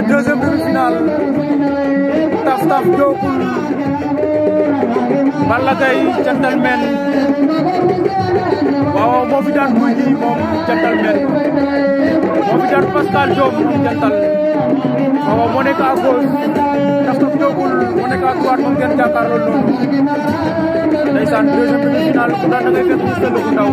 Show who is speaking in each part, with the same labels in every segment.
Speaker 1: la deuxième demi-finale Taf Taf Diop Balla Gaye Gentleman waaw moo fi daan Gouy Gui moom Gentleman moo fi daan Pascal Diop moom Gentleman waaw moo nekk à gauche Taf Taf Diop moo nekk à droite moom ngeen jàkkaarloo loolu ndeysaan deuxième demi-finale ku daan da ngay fekk mu sell bu ndaw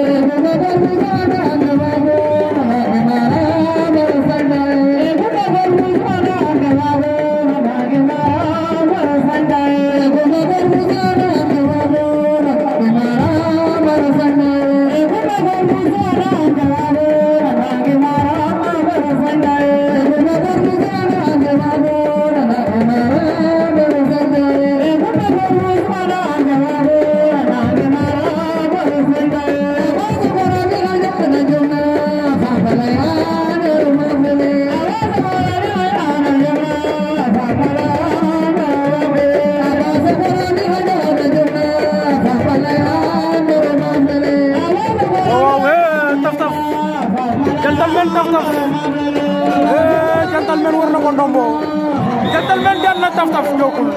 Speaker 1: Gentleman taf taf eh Gentleman war na ko ndombo Gentleman jokkul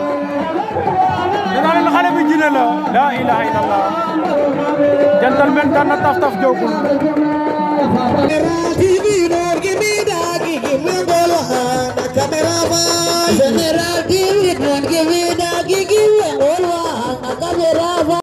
Speaker 1: nee naa leen
Speaker 2: xale jokkul